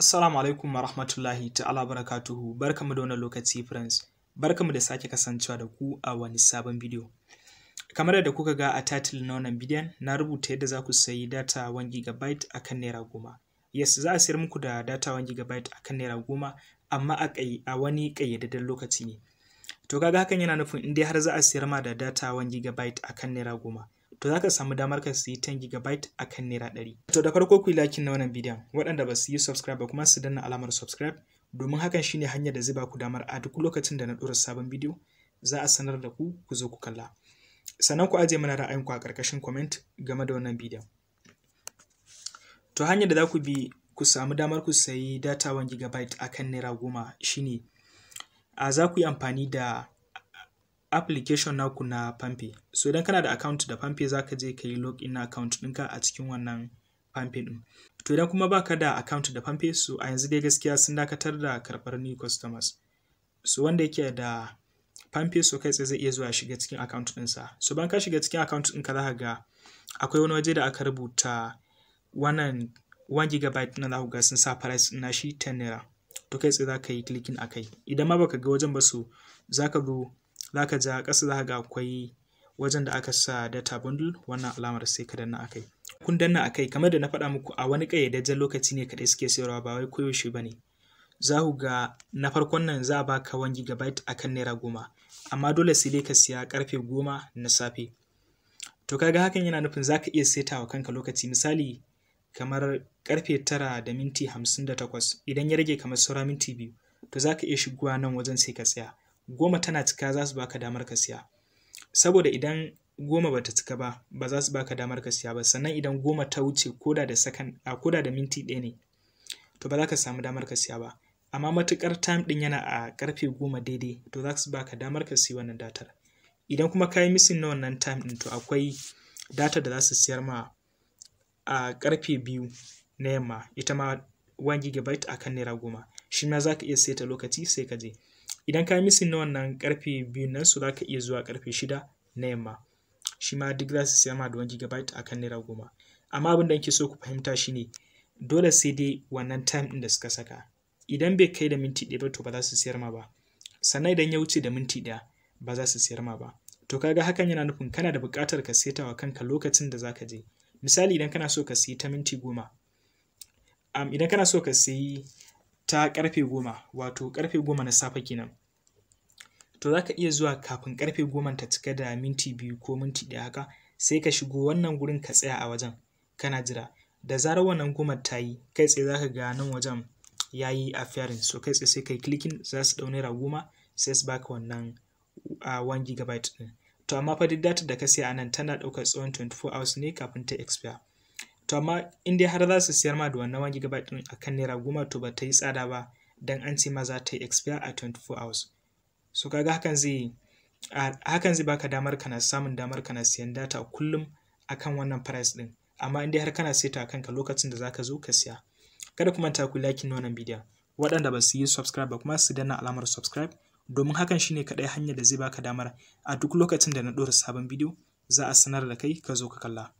Assalamu alaikum warahmatullahi ta'ala barakatuhu barkamu da wannan lokaci friends barkamu da sake kasancewa da ku a wani sabon bidiyo kamar da kuka ga a title na wannan bidiyon na rubuta yadda za ku sayi data 1 GB akan naira goma yes za a siyar muku da data 1 GB akan naira goma amma a kai a wani kayyadadden lokaci ne to kaga hakan yana nufin in dai har za a sayar ma da data 1 GB akan naira goma to za ka samu damar ka siyi 10 GB a kan naira 100. To da farko ku yi lakin na wannan bidiyon waɗanda ba su yi subscribe ba kuma su danna alamar subscribe domin hakan shine hanyar da zai ba ku damar a duk lokacin da na ɗora sabon bidiyo za a sanar da ku ku zo ku kalla. Sannan ku ajiye mana ku a ƙarƙashin comment game da wannan bidiyon. To hanyar da za ku bi ku samu damar ku sayi data 1 GB a kan naira goma shine a za ku yi amfani da application naku na pampi So idan kana da account da pampi za ka je ka yi login na account ɗinka a cikin wannan pampi ɗin. To idan kuma baka da account da pampi so a yanzu dai gaskiya sun dakatar da karɓar new customers. So wanda yake da pampi so kai tsaye zai iya zuwa shiga cikin account ɗinsa. So bayan ka shiga cikin account ɗinka za ka ga akwai wani waje da aka rubuta wannan 1 gigabyte na za ga sun sa price na shi 10 naira. To kai tsaye za ka yi clicking a kai. Idan ma baka ga wajen ba so za ka zo za ka ja ƙasa za ka ga akwai wajen da aka sa data bundle wannan alamar sai ka danna akai kun danna akai kamar da na faɗa muku a wani ƙayyadajjen lokaci ne kaɗai suke sayarwa ba wai koyaushe ba ne za ku ga na farkon nan za a ba ka wan gigabyte a kan naira goma amma dole sai dai ka siya ƙarfe goma na safe to kaga hakan yana nufin za ka iya seta wa kanka lokaci misali kamar ƙarfe tara da minti hamsin da takwas idan ya rage kamar saura minti biyu to za ka iya shigowa nan wajen sai ka tsaya goma tana cika za su baka damar ka siya saboda idan goma ba ta cika ba ba za su baka damar ka siya ba sannan idan goma ta wuce koda da da minti ɗaya ne to ba za ka samu damar ka siya ba amma matukar time ɗin yana a karfe goma daidai to za su baka damar ka siya wannan datar idan kuma ka yi misin na wannan time ɗin to akwai datar da za su siyar ma a karfe biyu na yamma ita ma 1 gigabyte akan naira goma shi ma za ka iya saita lokaci sai ka je idan ka yi misin na wannan karfe biyu nan su zaka iya zuwa karfe shida na yamma shi ma duk za su siya ma da wani gigabyte akan naira goma amma abin da nake so ku fahimta shine dole sai dai wannan time ɗin da suka saka idan bai kai da minti ɗaya ba to ba za su siyar ma ba sannan idan ya wuce da minti ɗaya ba za su siyar ma ba to kaga hakan yana nufin kana da buƙatar ka saita wa kanka lokacin da zaka je misali idan kana so ka sayi ta minti goma idan kana so ka sayi ta karfe goma wato karfe goma na safe kenan to za ka iya zuwa kafin karfe goma ta cika da minti biyu ko minti ɗaya haka sai ka shigo wannan gurin ka tsaya a wajen kana jira da zarar wannan goma ta yi kai tsaye za ka ga nan wajen ya yi a fiyarin so kai tsaye sai kai clicking za su ɗau naira goma sai su baka wannan a 1 gigabyte ɗin to amma fa duk data da ka siya nan tana ɗaukar tsawon 24 hours ne kafin ta expire to amma in dai har za su siyar ma da wannan 1 gigabyte ɗin akan naira goma to ba ta yi tsada ba dan an ce ma za ta yi expire a 24 hours so kaga hakan zai hakan zai baka damar kana samun damar kana siyan data kullum akan wannan price din amma in dai har kana ta kanka lokacin da zaka zo ka siya kada kuma ta ku like wannan bidiyon waɗanda ba su yi subscribe ba kuma su danna alamar subscribe domin hakan shine kaɗai hanyar da zai baka damar a duk lokacin da na ɗora sabon bidiyo za a sanar da kai ka zo ka kalla